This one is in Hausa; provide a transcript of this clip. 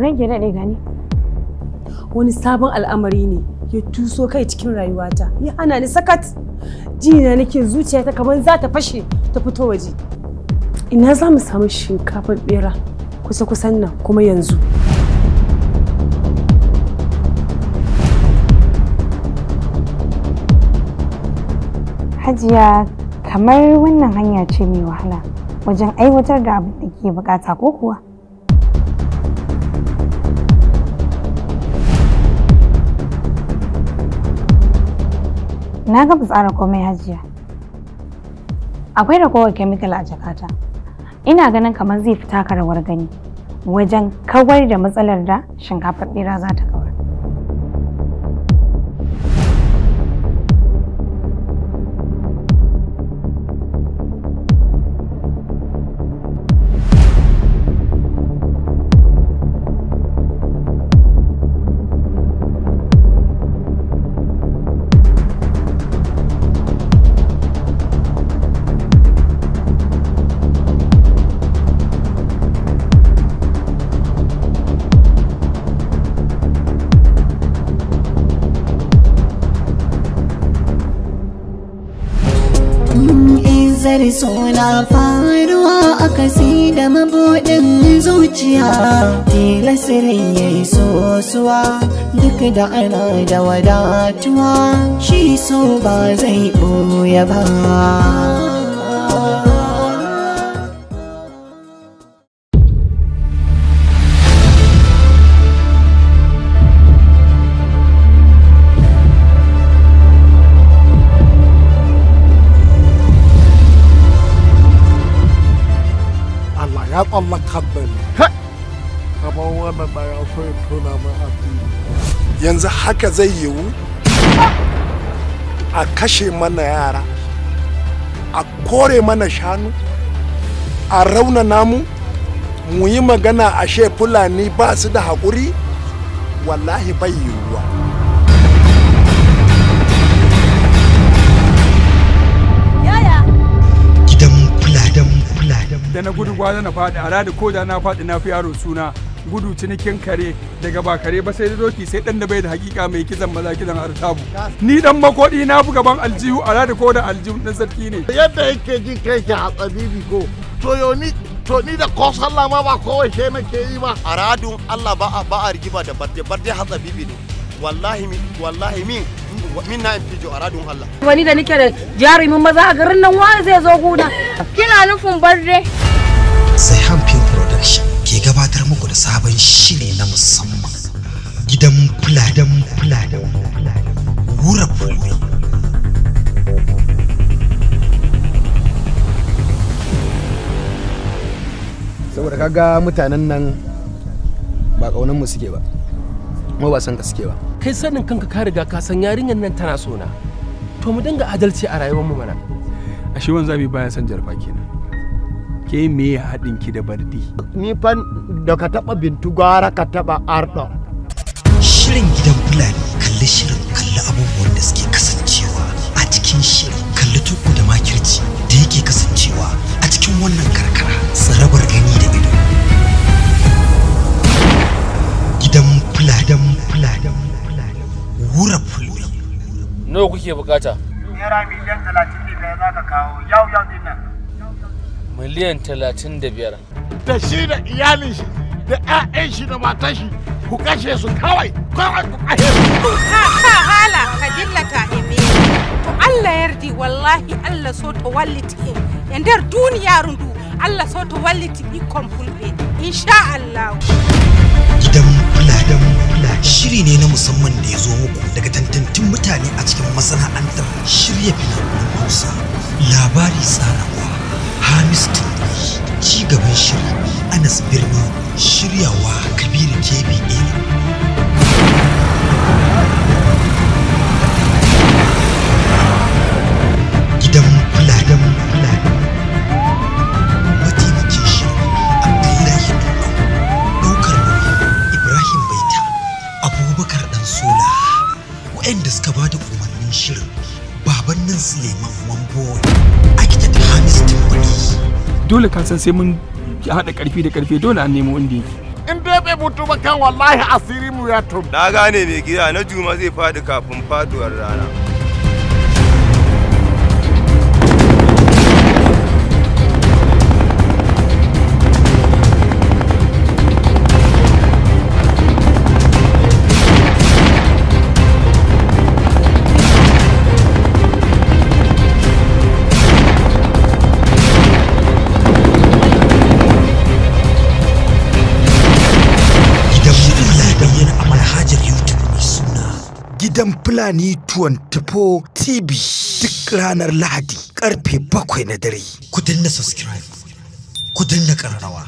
ranke daɗe gani wani sabon al'amari ne ya tuso kai cikin rayuwata ya hana ni sakat jina nake zuciyata kamar za ta fashe ta fito waje ina za mu samu shinkafar bera kusa-kusan nan kuma yanzu hajiya kamar wannan hanya ce mai wahala wajen aiwatar da abin da ke bukata ko kuwa Na ga tsara komai hajiya. Akwai ragowar kemikal a jakata. Ina ganin kamar zai fita rawar gani wajen kawar da matsalar da shinkafar bera za ta zar suna faruwa a kasi da mabuɗin zuciya sirin ya yi sosuwa duk da ana da wadatuwa shi so ba zai ɓoye ba الله wannan ya yanzu haka zai yiwu a kashe mana yara a kore mana shanu a rauna namu mu yi magana ashe fulani ba su da haƙuri wallahi bai yiwuwa da na gudu gwaza na faɗi a rada ko da na faɗi na fi yaro suna gudu cinikin kare daga ba kare ba sai da doki sai dan da bai da hakika mai kizan maza kizan artabu ni dan makodi na bu gaban aljihu a rada ko da aljihu dan sarki ne yadda yake jin kai a tsabibi ko to yo ni to ni da ko sallah ma ba kowai she nake yi ba a radun Allah ba a ba a rigiba da barde barde ha tsabibi ne wallahi mi wallahi mi min na fi jo a radun Allah wani da nake da jarumin maza a garin nan wani zai zo guna kina nufin barde sai Film Production ke gabatar muku da sabon shiri na musamman gidan fuladan fuladan wura fulmi saboda kaga mutanen nan ba kaunan mu suke ba kuma ba san ka suke ba kai sanin kanka ka riga ka san yarinyar nan tana sona to mu dinga adalci a rayuwar mu mana ashe wanzami baya san jarfa kenan ke me haɗin ki da bardi ni fan da ka taɓa bintu gwara ka taɓa arɗo shirin gidan fulani kalli shirin kalli abubuwan da suke kasancewa a cikin shirin kalli tuku da makirci da yake kasancewa a cikin wannan karkara tsarabar gani da ido gidan fuladan fuladan wura fulani nawa kuke bukata naira miliyan talatin da biyar za ka kawo yau ya miliyan 35 da shi da iyalin shi da 'ya'yan shi da matan shi ku kashe su kawai kawai ku kashe su ha hala ka dillata emi to Allah yardi wallahi Allah so to walliti yandar duniya rundu Allah so to walliti bi complete insha Allah idan kula da kula shiri ne na musamman da ya zo muku daga tantantin mutane a cikin masana'antar shirya fina-finan Hausa labari tsarawa Hamis ci gaban shirin Anas Birni shiryawa Kabiru KBA. Eh. Gidan Fuladan Fulani. Mataimakin shi Abdullahi Duro. Ɗaukar nauyi Ibrahim Baita. Abubakar Ɗansola. Waɗanda suka ba da umarnin shirin. gabanin Suleiman Wambo da Hamis Timbali dole ka san sai mun haɗa ƙarfi da ƙarfe dole an nemo inda yake in dai bai mutu ba kan wallahi asiri mu ya tum na gane mai gida na juma zai faɗi kafin faduwar rana gidan Fulani 24 TV duk ranar Lahadi karfe 7 na dare. Ku dinna subscribe, ku dinna ƙararrawa.